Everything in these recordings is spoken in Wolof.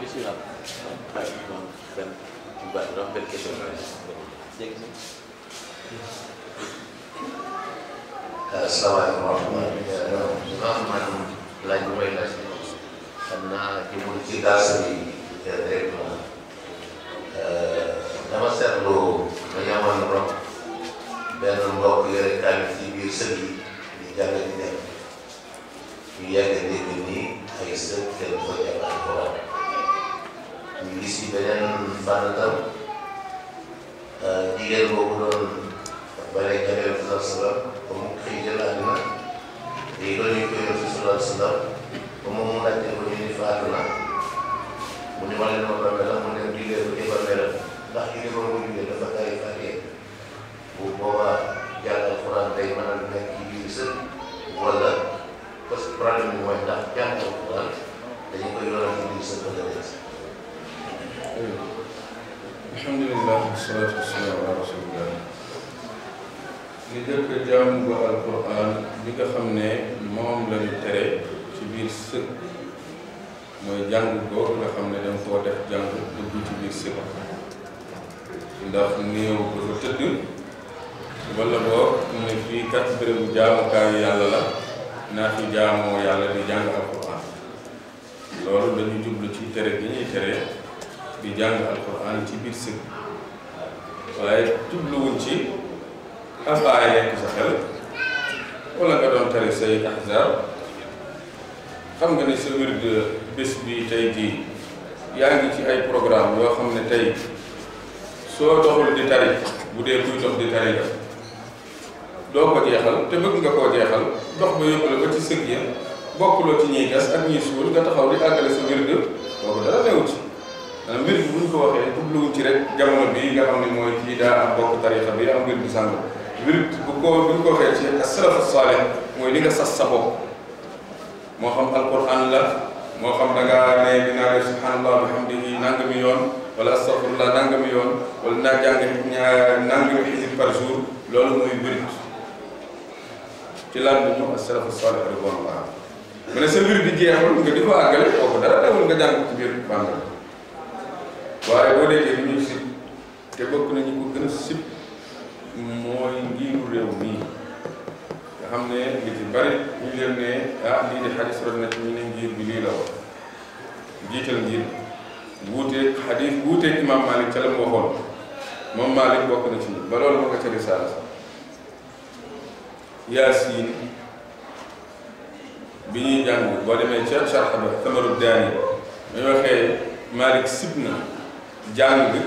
bisimilah. benn benn question. asalaamaaleykum wa rahmatulah. man laaj bu may laaj xam naa jëmul ci gaas bi directement dama seetlu ma yamoon rok benn mbokk yore kaamil ci biir sëñ yi di jàng di dem ñu yàgg dégg nii ay sëñ kenn ko jàpp ñu gis ci beneen fànn tam jigéen boobu doon bare jabeel bi sal salam ba jël àddina léegi doon ñu koy yor si salal moom mu laajte ko ñu ni faatu na mu ni ma leen ma bambe la mu ne jigéen bu jëbal melam ndax jigéen boobu jigéen dafa tay fàtte bu boobaa jàng alxuraan day mën a nekk ci biir sëb wala parce que problème bi mooy ndax jàng alxuraan dañu koy yoral ci biir sëb ba alhamdulilah wasalaatu wasalaam ala rasulillah ñu jël ko jaamu ba alquran bi nga xam ne moom la tere ci biir sëkk mooy jàng ko nga xam ne danga koo def jàng dugg ci biir sëkk ndax néew ko fa tëdd wala boo ne fii kat bérébu jaamukaayu yàlla la naa fi jaamoo yàlla di jàng alquran loolu dañu jublu ci tere gi ñuy tere di jàng alquran ci biir sëg waaye jubluwuñ ci ab aaya sa xel wala nga doon tari say ahzab xam nga ne sa wird bés bi tey jii yaa ngi ci ay programme yoo xam ne tey soo doxul di tari bu dee kuy dox di tari la doo ko jeexal te bëgg nga koo jeexal dox ba yóbbu la ba ci sëg ya bokkuloo ci ñiy gas ak ñiy suul nga taxaw di àggale sa wird boobu dara newut Euh, mbir mi buñ ko waxee ci rek jamono bii nga xam ne mooy kii daa am bokk tarixa bi am mbir bu sàngam mbir bu ko buñ ko waxee ci as-salafu saalih mooy li nga sas sa moo xam alquran la moo xam da ne dinaa def subhanallah bihamdihi nangami yoon wala astaghfirullah nangami yoon wala naa jàng ñaar nangami xisib par jour loolu mooy wirit ci lan bi ñu as-salafu saalih ridwanullah mu ne sa mbir bi jeexul nga di ko àggale kooku dara dawul nga jàng ci biir bàngal waaye boo déggee ni ñu sib te bokk nañu ko gën a sib mooy ngiiru réew mii nga xam ne ngi ci bari ñu leen ne ah lii di xadis rod na ne ngir bi lii la wax jiital ngir wuuteeg xadis wuuteeg imam Malik ca la mu moom Malik bokk na ci ba loolu ma ko ca risaala Yaasin bi ñuy jàng boo demee ca sarx ba Tamarud Daani dañu waxee Malik sib na jàng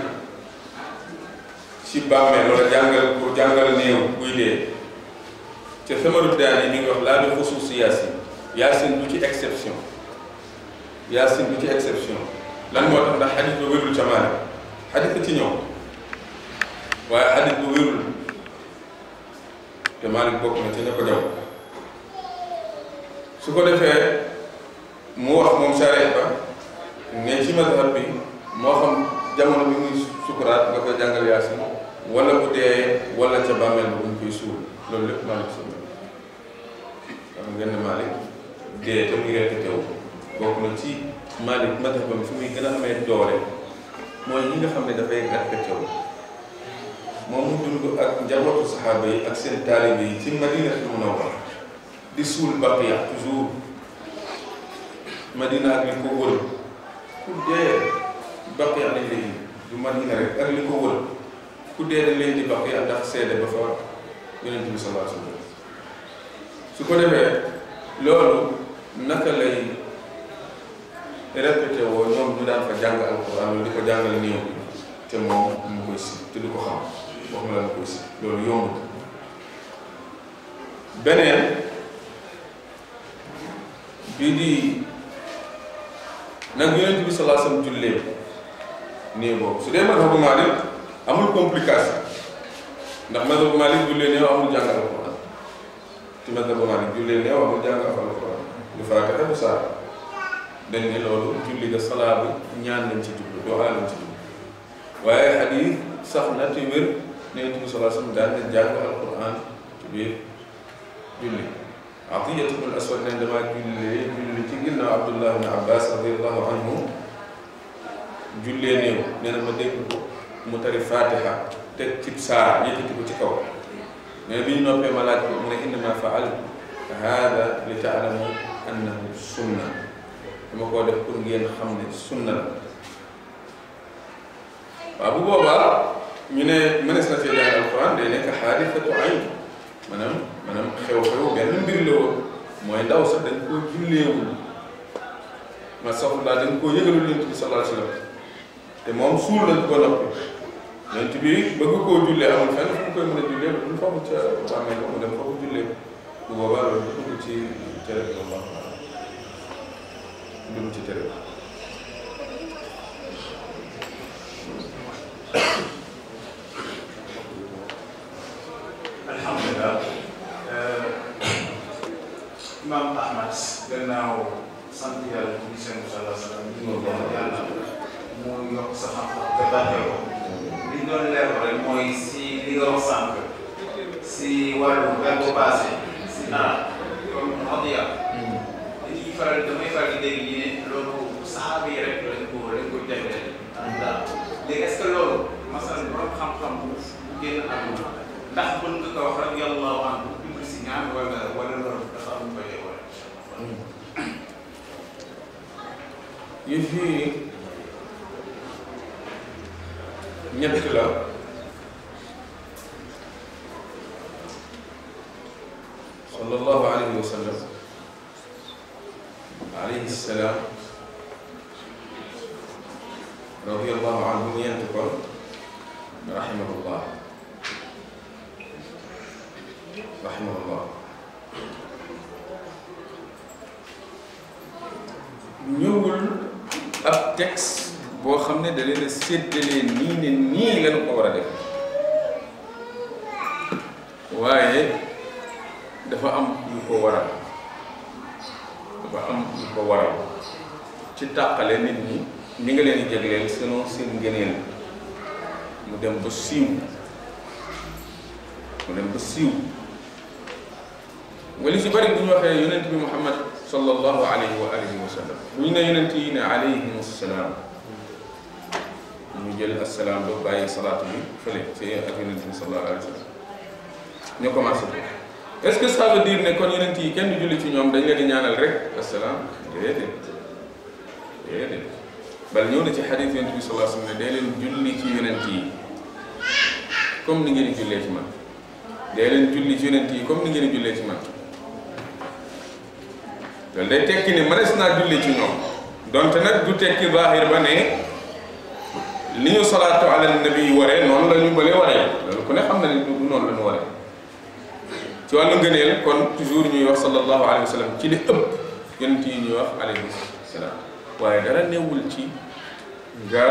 ci bàmmeel wala jàngal pour jàngal néew buy dee te Samaru Daani yi mi ngi wax laa bi xusuus yaasin yaasin du ci exception yaasin du ci exception lan moo tax ndax xadis ba wérul ca maanaam xadis ci ñëw waaye xadis bu wérul te Maalik bokk na ci ña ko jaw su ko defee mu wax moom saree ba ne ci mazhab bi moo xam jamono bi muy sukuraat nga koy jàngal yaasin wala bu dee wala ca bàmmeel bi buñ koy suul loolu lépp Malick Sy xam ngeen ne Malick dee muy gën a amee doole mooy ñi nga xam ne dafay rekk teew moom mu dund ak njabootu saxaaba yi ak seen taalibe yi ci Madinatul Munawwara di suul baqiya toujours Madina ak li ko wër ku dee doq yi am léegi du man ñi ne rek ak li ko wër ku dee dañ leen di doq yi am ba fa yonent bi sallallahu alayhi wasallam su ko defee loolu naka lay répété woo ñoom ñu daan fa jàng alquran loolu di ko jàngale néew bi te moom mu koy si te du ko xam wax ma la mu koy si loolu yomb beneen bi di nag yonent bi sallallahu alayhi wasallam nee boobu su dee mazhabu Maalik amul complication ndax mazhabu Maalik jullee néew amul jàng alxuraan ci mazhabu Maalik jullee néew amul jàng alxuraan du farata te du saar dañ ne loolu julli ga salaa bi ñaan lañ ci jublu doxaa lañ ci jublu waaye xadiis sax na te wér ne Yonent bi salaa sallam daan na jàng alxuraan ci biir julli Atiyatu bnu Aswad ne damaa jullee julli ci ginnaaw Abdullah bin Abbas radiyallahu anhu jullee néew nee na ma dégg ko mu tari fatiha teg cib saar yëkkati ko ci kaw nee na bi ñu noppee ma laaj ko mu ne innama faaltu haada li taalamu annahu sunna dama koo def pour ngeen xam ne sunna la waaw bu boobaa ñu ne mënees na cee jàng alquran day nekk xaadisatu ayn maanaam maanaam xew-xew benn mbir la woon mooy ndaw sax dañ koo julleewul ma soxlaa dañ koo yëgalul yonent bi sallallahu alayhi wa sallam te moom suul nañ ko noppi yonent bi bëgg koo jullee amul fenn fu mu koy mën a jullee ba mu foofu ca bàmmee mu dem foofu jullee bu boobaa loolu dugg ci tere bi moom dugg ci tere bi alhamdulilah euh, imaam Ahmad gannaaw sant yàlla ci seen yokk sa xam-xam te bàqee ko li doon leer rek mooy si li nga wax sànq si wàllu benn passé si naan comme wax dëgg yàlla. dañuy faral damay faral di dégg ñu ne loolu saxaaba yi rek lañ ko lañ ko jagleel. waaw léegi est-ce que loolu masal borom xam-xam bu génn àdduna ndax mën nga ko wax rek yàlla waan bu jublu si ñaan wala wala loolu dafa am lu koy wala. yëf yi ñett la sallallahu alayhi wa sallam alayhi salaam radiyallahu anhu ñeent kon rahimahullah rahimahullah ñëwul ab texte boo xam ne da leen a séddalee nii ne nii lañu ko war a def waaye dafa am lu ko waral dafa am lu ko waral ci tàqale nit ñi ni nga leen di jagleel selon seen ngëneel mu dem ba siiw mu dem ba siiw wala si bëri bu ñu waxee yonent bi Muhammad sallallahu alayhi wa alihi wa sallam bu yonent yi ne alayhim salaam ñu jël asalaam ba bàyyi salaatu bi fële ci ak yonent bi sallallahu alayhi wa sallam ñu commencé est ce que ça veut dire ne kon yonent yi kenn julli ci ñoom dañ leen di ñaanal rek asalaam déedéet déedéet bal ñëw na ci xadis yonent bi sallallahu alayhi wa sallam ne dee leen julli ci yonent yi comme ni ngeen di jullee ci man dee leen julli ci yonent yi comme ni ngeen di jullee ci man loolu day tekki ne mënees naa julli ci ñoom donte nag du tekki zaahir ba ne ni ñu salaatu ala nabi waree noonu la ñu bële waree loolu ku ne xam na ne du noonu la ñu waree ci wàllu ngëneel kon toujours ñuy wax sallallahu alayhi wa sallam ci li ëpp yonent yi ñuy wax alayhi salaam waaye dara newul ci nga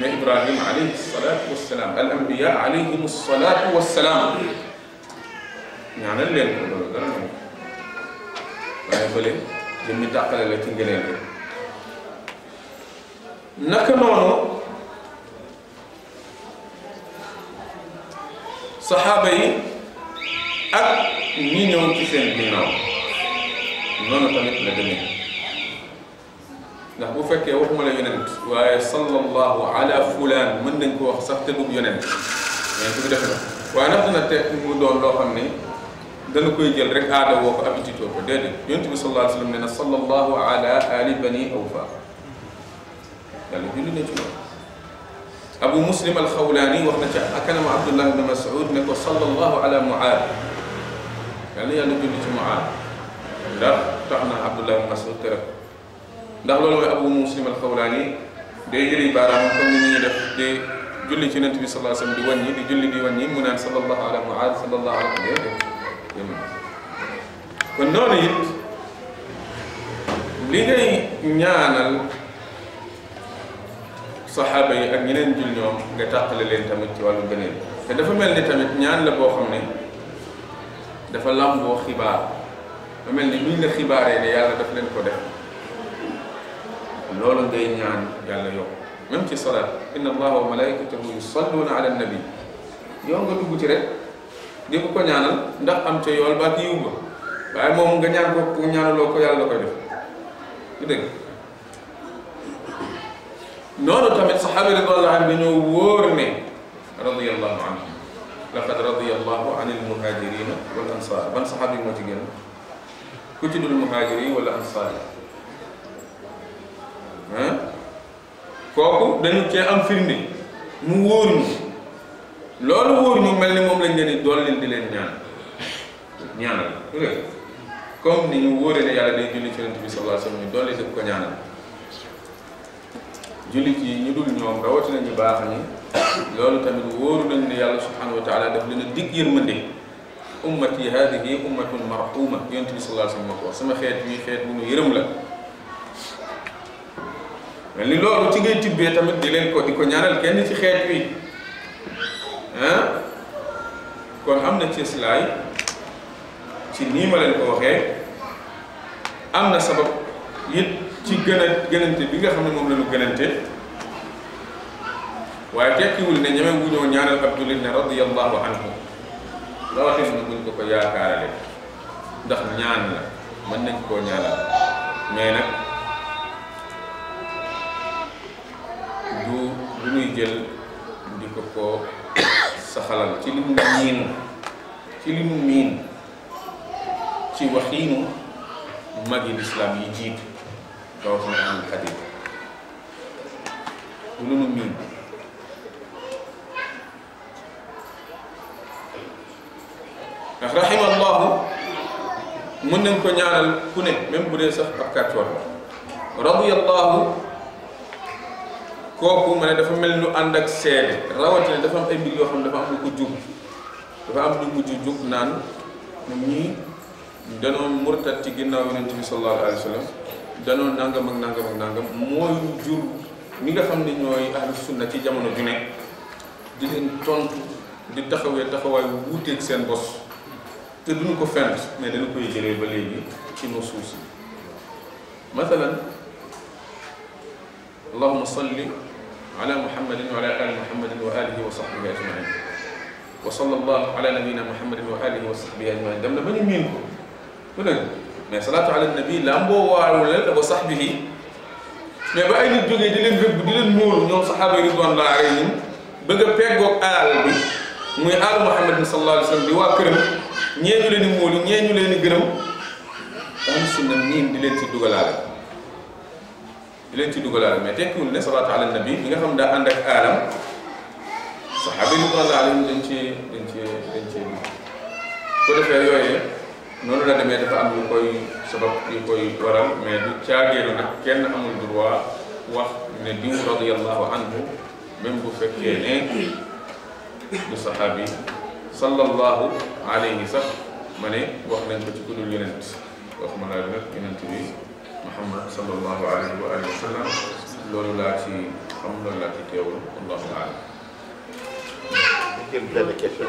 ne Ibrahim alayhi salaatu wassalaam al anbiya alayhim salaatu wassalaam ñaanal leen ko loolu dara newul waaye bële jëmmi tàqale la ci ngëneel naka noonu saxaaba yi ak ñi ñëw ci seen ginnaaw noonu tamit la demee ndax bu fekkee waxuma la yonent waaye sallallahu ala fulaan mën nañ ko wax sax te dugg yonent mais su def na waaye ndax dina teg mu doon loo xam ne dana koy jël rek aada woo ko habitude woo ko déedéet yonent bi sallallahu alayhi wa sallam nee na sallallahu ala ali bani awfa yàlla julli na ci moom abu muslim alxawlaani wax na ca akanam abdullah ibn masud ne ko sallallahu ala muaad yàlla yàlla julli ci muaad ndax tax na abdullah ibn masud tere ndax loolu mooy abu muslim alxawlaani day jëli baaraam comme ni ñuy def di julli ci yonent bi sallallahu alayhi wasallam di wàññi di julli di wàññi mu naan sallallahu ala muaad sallallahu ala muaad kon noonu it li ngay ñaanal saxaaba yi ak ñeneen jul ñoom nga tàqale leen tamit ci wàllu beneen te dafa mel ni tamit ñaan la boo xam ne dafa làmboo xibaar dafa mel ni luñ la xibaaree ne yàlla daf leen ko def loolu ngay ñaan yàlla yokk même ci salaat inna allaha wa malaikatahu yusalluuna ala nabi nga dugg ci rek di ko ko ndax am ca yool ba ak yiw ba waaye moom nga ñaan ko ñaanaloo ko yàlla koy def du dëgg noonu tamit saxaaba radiyallahu anhum dañoo wóor ne radiyallahu anhum laqad radiyallahu anil muhajirina wal ansaar ban saxaaba moo ci gën ku ci dul muhajiri wala ansaar ah kooku dañu cee am firnde mu wóor ñu loolu wóor ñu mel ni moom lañ leen di dollil di leen ñaan ñaanal comme ni ñu wóoree ne yàlla day julli ci ti bi sallallahu alayhi wa sallam ñu dolli ko ñaanal. jullit yi ñu dul ñoom rawatina ñu baax ñi loolu tamit wóoru nañ ne yàlla subhanahu wa taala daf leen a dig yërmande ummati hadihi ummatun marhuma yonent bi sallallahu alayhi wa sallam moo ko sama xeet bii xeet bu nu yërëm la mel ni loolu ci ngay tibbee tamit di leen ko di ko ñaanal kenn ci xeet wi kon am na cëslaay ci nii ma leen ko waxee am na sabab it ci gën gënante bi nga xam ne moom la ñu gënante waaye tekkiwul ne ñeme wu ñoo ñaanal ab jullit ne radiyallahu anhu rawatina na buñ ko ko yaakaarale ndax ñaan mën nañ koo ñaanal mais nag ñuy jël di ko ko saxalal ci li mu miin ci li mu miin ci waxiinu magi lislaam yi jiit dootuñu am xadim du lu nu miin ndax rahimallahu mën nañ ko ñaanal ku ne même bu dee sax ab kàccoor la kooku ma ne dafa mel nu ànd ak seede rawatina dafa am ay mbir yoo xam ne dafa am lu ko dafa am lu mujj jug naan ñun ñii danoo murtat ci ginnaaw yonent bi sallallahu alayhi wa danoo nanga ak nangam ak nangam mooy jur ñi nga xam ne ñooy ahlu sunna ci jamono ju ne di tontu di taxawee taxawaay bu wuuteeg seen bos te duñu ko fent mais dañu ko jëlee ba ki ci nusuus yi masalan allahuma salli ala muhammadin wa ala ali muhammadin wa alihi wa sahbihi ajmain wa sallallahu ala nabina muhammadin wa alihi wa sahbihi ajmain dem na ba ñu miin ko ku mais salaatu ala nabi ne waawulal ak wa sahbihi mais ba ay nit jógee di leen rëbb di leen móolu ñoom saxaaba yi ridwanullah alayhim bëgg a peggoog alal bi muy aalu muhammadin sallallahu alayhi wa sallam bi waa këram ñee ñu leen di móolu ñee ñu leen di gërëm am sunna niin di leen ci dugalaale di leen ci dugalaale mais tekkiwul ne salaatu ala nabi bi nga xam daa ànd ak aalam saxaaba yi ridwanullah alayhim dañ ci dañ ci dañ ci ko defee yooyee noonu la demee dafa am yu koy sabab yu koy waral mais du caageelu nag kenn amul droit wax ne diw radiyallahu anhu même bu fekkee ne du saxaabi sallallahu alayhi sax ma ne wax nañ ko ci ku dul yonent waxuma laa nag yonent bi Muhammad sallallahu alayhi wa alihi wa sallam loolu laa ci xam loolu laa ci teewul wallahu alam. jël benn question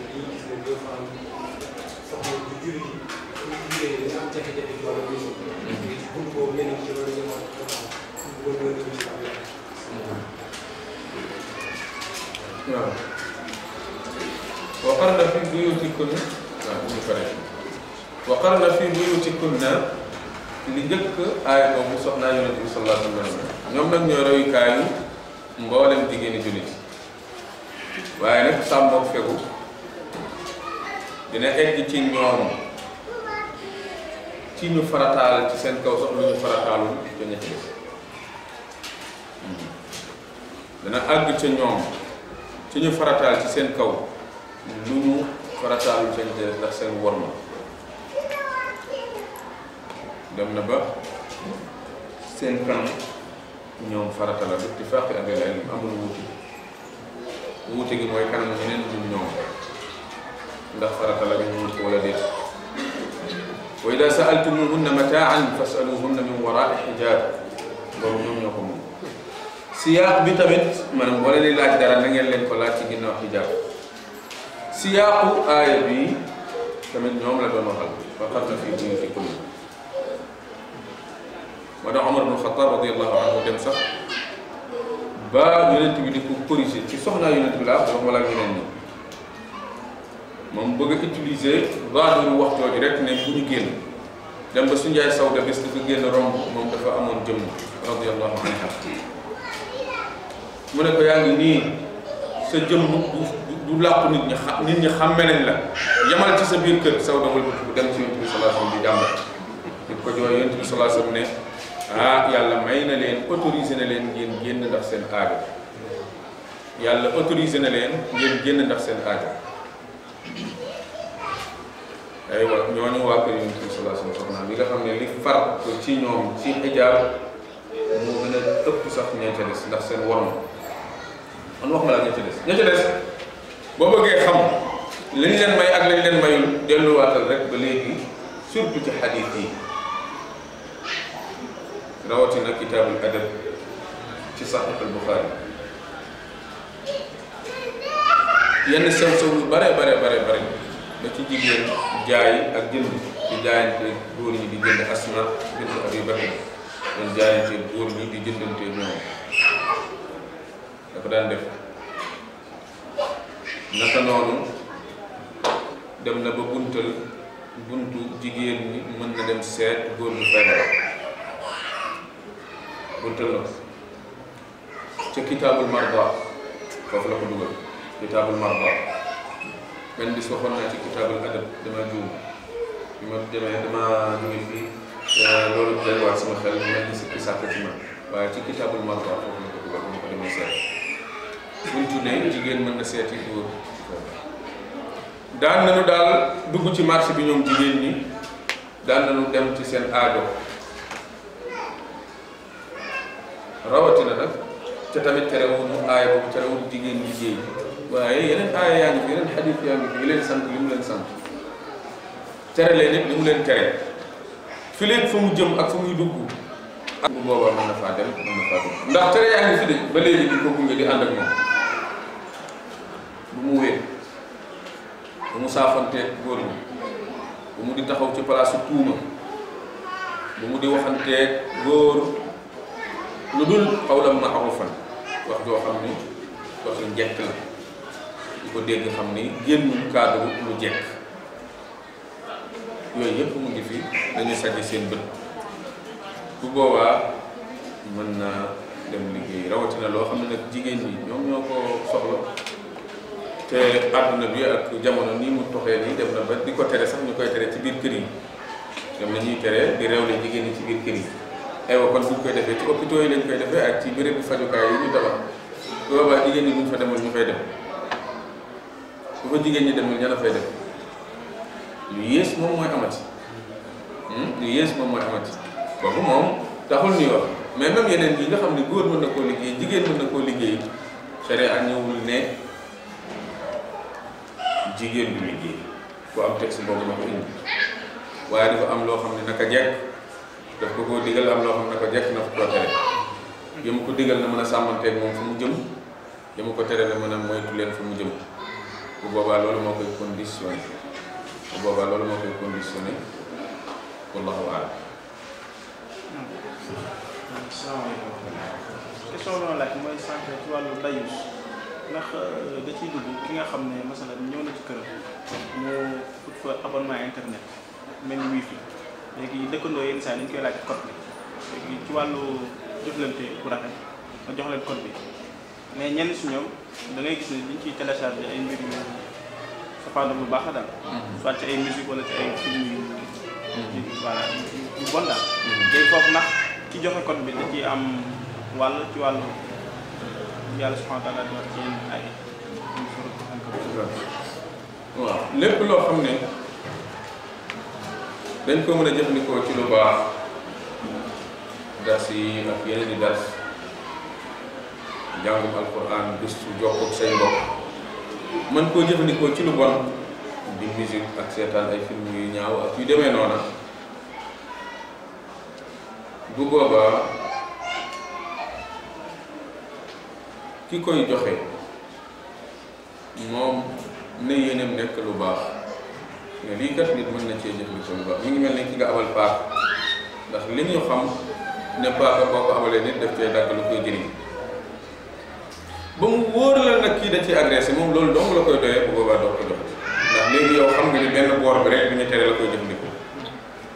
ne dañuy gis ne des fois soxna bu bu jullee dañu am jafe-jafe ci ci loolu ñu li njëkk aaya boobu soxna yonent bi sallallahu alayhi wa sallam ñoom nag ñooy royukaayu mboolem jigéeni jullit waaye nag sàmmook fegu dina egg ci ñoom ci ñu farataal ci seen kaw sax ñu farataalul ca ña dana hmm. àgg ca ñoom ci ñu farataal ci seen kaw lu ñu farataalul ca ña ndax seen worma dem na ba seen kanam ñoom farata la bi ittifaaqi ahlil ilm amul wuute wuute gi mooy kanam ñeneen ñun ñoom ndax farata la ñu wut wala déet wa ida saaltumuhunna mataan fasaluhunna min warai xijab loolu ñoom ñoo ko moom siyaaq bi tamit maanaam wala li laaj dara na ngeen leen ko laaj ci ginnaaw xijab siyaaqu aaya bi tamit ñoom la doon waxal faqarna fi buyutikum moo tax Omar bnu Xataab radiyallahu anhu dem sax ba yonent bi di ko corrigé ci soxnaa yonent bi laa wax wala ñeneen ñi moom bëgg a baax valeur waxtoo ji rek ne bu ñu génn dem ba suñu yaay Sawda bis dafa génn romb moom dafa amoon jëmm radiyallahu anha mu ne ko yaa ngi nii sa jëmm du du làpp nit ñi xa nit ñi xàmme nañ la yamal ci sa biir kër Sawda wala bu dem ci Yonent bi sallallahu alayhi wasallam ko jooy Yonent bi ne ah yàlla may na leen autorisé na leen ngeen génn ndax seen aajo yàlla autorisé na leen ngeen génn ndax seen aajo aywa ñooñu waa kër Yonent bi sallallahu alayhi wa sallam li nga xam ne li far ci ñoom ci ijaab moo gën a ëpp sax ña ca des ndax seen worom man wax ma la ña ca des ña ca des boo bëggee xam li ñu leen may ak li ñu leen mayul delluwaatal rek ba léegi surtout ci xadiis yi rawatina kitaabul adab ci saxiixul Buxaari yenn sew sew yu bare bare bare ba ci jigéen jaay ak jënd di jaayante góor ñi di jënd asma jënd ak yu bëri doon jaayante góor ñi di jëndante ñoom dafa daan def naka noonu dem na ba buntal buntu jigéen ñi mën na dem seet góor ñi feebar buntal na ca kitaabul marda foofu la ko dugal kitaabul marba benn bis waxoon naa ci kitaabul adab dama juum bi ma demee dama jóge fii loolu delluwaat sama xel mel ni sikki sàkk ci ma waaye ci kitaabul marba ko dugal mu ko jigéen mën na daal dugg ci marché bi ñoom jigéen ñi daan nañu dem ci seen aajo rawatina nag te tamit terewul mu aay boobu terewul jigéen ñi waaye yeneen aaya yaa ngi fi yeneen xadis yaa ngi fi leen sant li mu leen sant tere leen it li mu leen tere fi leen fa mu jëm ak fa muy dugg ak bu booba mën na faa dem mën na faa dugg ndax tere yaa ngi fi de ba léegi di ko gunge di ànd ak mu wéet bu mu saafanteeg góor mu di taxaw ci palaasu tuuma mu di waxanteeg lu dul xawlam fan wax joo xam ni wax lu njëkk la ku ko dégg xam ni génn cadre mu jekk yooyu yëpp mu ngi fi dañu sajj seen bët bu boobaa mën na dem liggéey rawatina loo xam ne nag jigéen ñi ñoom ñoo ko soxla te àdduna bi ak jamono nii mu toxee nii dem na ba di ko tere sax ñu koy tere ci biir kër yi dem na ñuy tere di réewle jigéen ñi ci biir kër yi aywa kon buñ koy defee ci hôpitaux yi lañ koy defee ak ci béréb bu fajukaay yi ñu tabax bu boobaa jigéen ñi buñ fa demoon ñu fay dem bu ko jigéen ñi demul ña la fay dem lu yées moom mooy amati hmm? lu yées moom mooy amati boobu moom taxul ñuy wax mais même yeneen yi nga xam ne góor mën na koo liggéey jigéen mën na koo liggéey xere ak ñëwul ne jigéen du liggéey ku am texte boobu na ko indi waaye dafa am loo xam ne naka jekk daf ko koo digal am loo xam ne naka jekk na ko koo tere yi ma ko digal na mën a sàmmanteeg moom fu mu jëm yi ma ko tere na mën a moytu leen fu mu jëm bu boobaa loolu moo koy conditionné bu boobaa loolu moo koy conditionné wallahu alam salaamaaleykum question bi ma mooy sànq ci wàllu dayus ndax euh, da ciy dugg ki nga xam ne masala ñëw na ci a mu ut fa abonnement internet mel ni wifi léegi dëkkandoo yenn dañ yi koy laaj code bi léegi ci wàllu jëflante bu rafet nga jox leen code bi mais ñenn si ñoom. da ngay gis ne dañ ciy téléchargé ay mbir yu safaanu bu baax a daal. Mhm. soit ci ay musique wala ci ay film yu. Mhm. bon daal. day mhm. foofu ndax ci joxe code bi da ciy am wàll ci wàllu yàlla subhanahu wa taala di wax ci yenn ay. waaw lépp loo xam ne dañ ko mën a jëfandikoo ci lu baax das yi ak yeneen i das. njàngum alquran gëstu jokkoog say mbokk mën koo jëfandikoo ci lu bon di ak seetaan ay film yu ñaaw ak yu demee noona bu boobaa ki koy joxe moom na yéeneem nekk lu baax ne lii kat nit mën na cee jëfandikoo lu baax mi ngi mel ne ki nga abal paak ndax li ñu xam ne paaka boo ko abalee nit daf cee dàgg lu koy jëriñ ba mu wóor la nag kii da ci agressé moom loolu dong la koy doyee bu boobaa doo ko jox ndax léegi yow xam nga ni benn boor bi rek bi ñu tere la koy jëfandikoo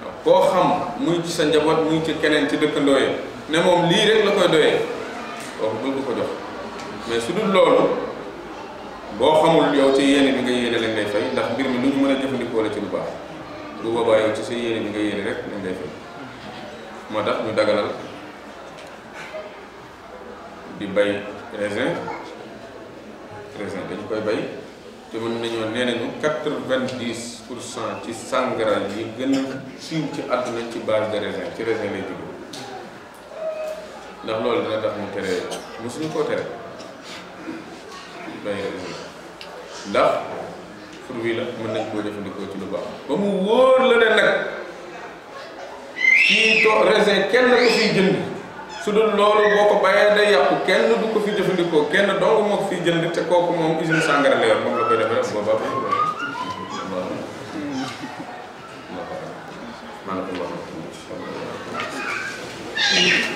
waaw koo xam muy sa njaboot muy ci keneen ci dëkkandoo yi ne moom lii rek la koy doyee kooku ko ko mais su dul boo xamul yow ci yéene bi nga yéene lañ ngay fay ndax mbir mën a jëfandikoo la ci lu baax bu boobaa yow ci sa yéene bi nga yéene lañ ngay fay moo tax ñu dagalal di bay raisin raisin dañu koy bay te mën nañoo nee nañu quatre-vingt-dix pour cent ci sangara yi gën a siiw ci àdduna ci base de raisin ci raisin lay jóge ndax loolu dina tax mu tere suñu koo tere bay raisin ndax fruit bi la mën nañ koo jëfandikoo ci lu baax ba mu wóor la ne nag kii to raisin kenn ko fiy jënd su dul loolu boo ko bàyyee day yàqu kenn du ko fi jëfandikoo kenn dong moo ko fiy jënd te kooku moom usine sàngara la yor moom la koy defee booba ba waaw waaw maanaam